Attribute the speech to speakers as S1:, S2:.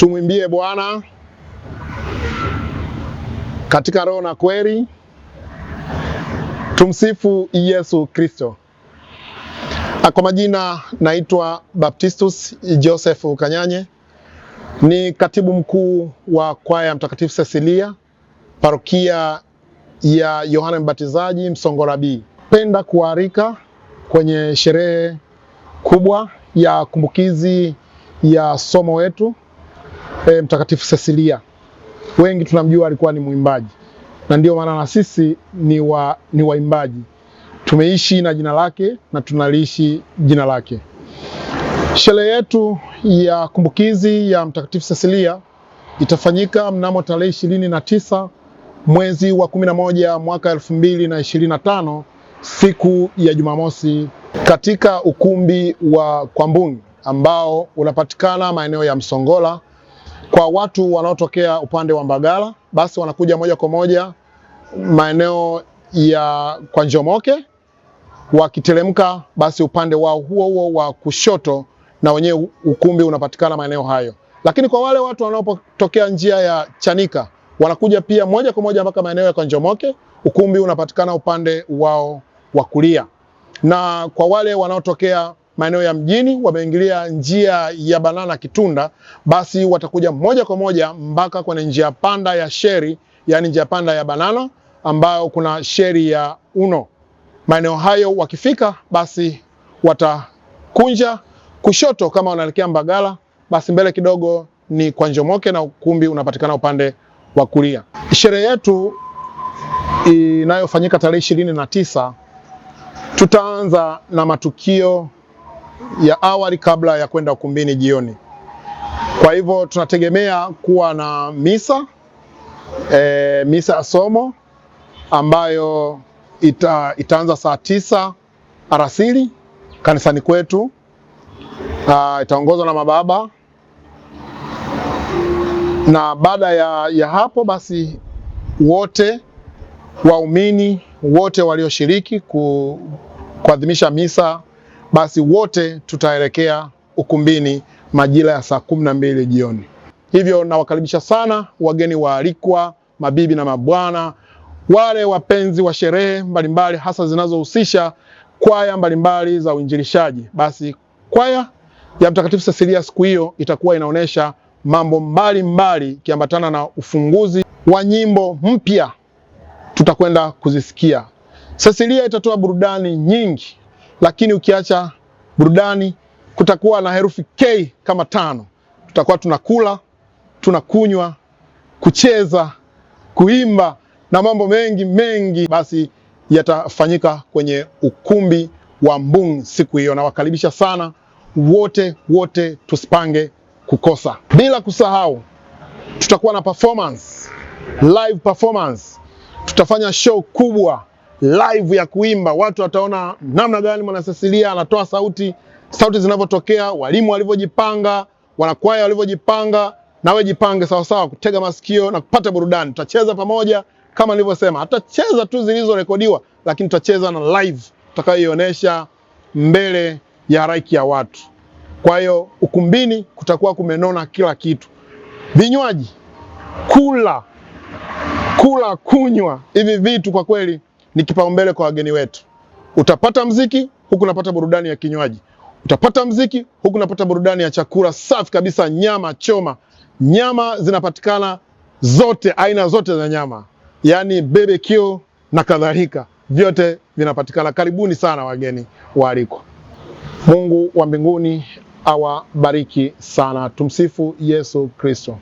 S1: Tumwimbie Bwana katika roho na kweli. Tumsifu Yesu Kristo. Kwa majina naitwa Baptistus Joseph Kanyanye, ni katibu mkuu wa kwaya Mtakatifu Cecilia parokia ya Yohana Mbatizaji Msongola B. Penda kuarika kwenye sherehe kubwa ya kumbukizi ya somo wetu e, Mtakatifu Cecilia. Wengi tunamjua alikuwa ni mwimbaji, na ndio maana na sisi ni, wa, ni waimbaji tumeishi na jina lake na tunaliishi jina lake. Sherehe yetu ya kumbukizi ya Mtakatifu Cecilia itafanyika mnamo tarehe ishirini na tisa mwezi wa kumi na moja mwaka elfu mbili na ishirini na tano siku ya Jumamosi katika ukumbi wa Kwambuni ambao unapatikana maeneo ya Msongola kwa watu wanaotokea upande wa Mbagala, basi wanakuja moja kwa moja maeneo ya kwa Njomoke, wakiteremka basi upande wao huo huo wa kushoto, na wenyewe ukumbi unapatikana maeneo hayo. Lakini kwa wale watu wanaotokea njia ya Chanika wanakuja pia moja kwa moja mpaka maeneo ya Njomoke, ukumbi unapatikana upande wao wa kulia. Na kwa wale wanaotokea maeneo ya mjini, wameingilia njia ya Banana Kitunda, basi watakuja moja kwa moja mpaka kwenye njia panda ya Sheri, yani njia panda ya Banana ambayo kuna Sheri ya Uno. Maeneo hayo wakifika, basi watakunja kushoto kama wanaelekea Mbagala, basi mbele kidogo ni kwa Njomoke na ukumbi unapatikana upande wa kulia. Sherehe yetu inayofanyika tarehe ishirini na tisa tutaanza na matukio ya awali kabla ya kwenda ukumbini jioni. Kwa hivyo tunategemea kuwa na misa e, misa ya somo ambayo ita, itaanza saa tisa arasili kanisani kwetu. Uh, itaongozwa na mababa na baada ya, ya hapo basi wote waumini wote walioshiriki kuadhimisha misa basi wote tutaelekea ukumbini majira ya saa kumi na mbili jioni. Hivyo nawakaribisha sana wageni waalikwa, mabibi na mabwana, wale wapenzi wa sherehe mbalimbali, hasa zinazohusisha kwaya mbalimbali za uinjilishaji. Basi kwaya ya Mtakatifu Cecilia siku hiyo itakuwa inaonyesha mambo mbalimbali ikiambatana na ufunguzi wa nyimbo mpya tutakwenda kuzisikia. Cecilia itatoa burudani nyingi lakini ukiacha burudani kutakuwa na herufi K kama tano. Tutakuwa tunakula, tunakunywa, kucheza, kuimba na mambo mengi mengi basi yatafanyika kwenye ukumbi wa Mbung siku hiyo. Nawakaribisha sana wote wote, tusipange kukosa. Bila kusahau, tutakuwa na performance, live performance, tutafanya show kubwa live ya kuimba, watu wataona namna gani mwanasesilia anatoa sauti, sauti zinavyotokea, walimu walivyojipanga, wanakwaya walivyojipanga. wewe jipange sawasawa kutega masikio na kupata burudani. Tutacheza pamoja kama nilivyosema, hatutacheza tu zilizorekodiwa, lakini tutacheza na live tutakayoionyesha mbele ya raiki ya watu. Kwa hiyo ukumbini kutakuwa kumenona kila kitu, vinywaji, kula kula, kunywa, hivi vitu kwa kweli ni kipaumbele kwa wageni wetu. Utapata mziki huku unapata burudani ya kinywaji, utapata mziki huku unapata burudani ya chakula safi kabisa, nyama choma. Nyama zinapatikana zote, aina zote za nyama, yaani barbecue na kadhalika, vyote vinapatikana. Karibuni sana wageni waalikwa. Mungu wa mbinguni awabariki sana. Tumsifu Yesu Kristo.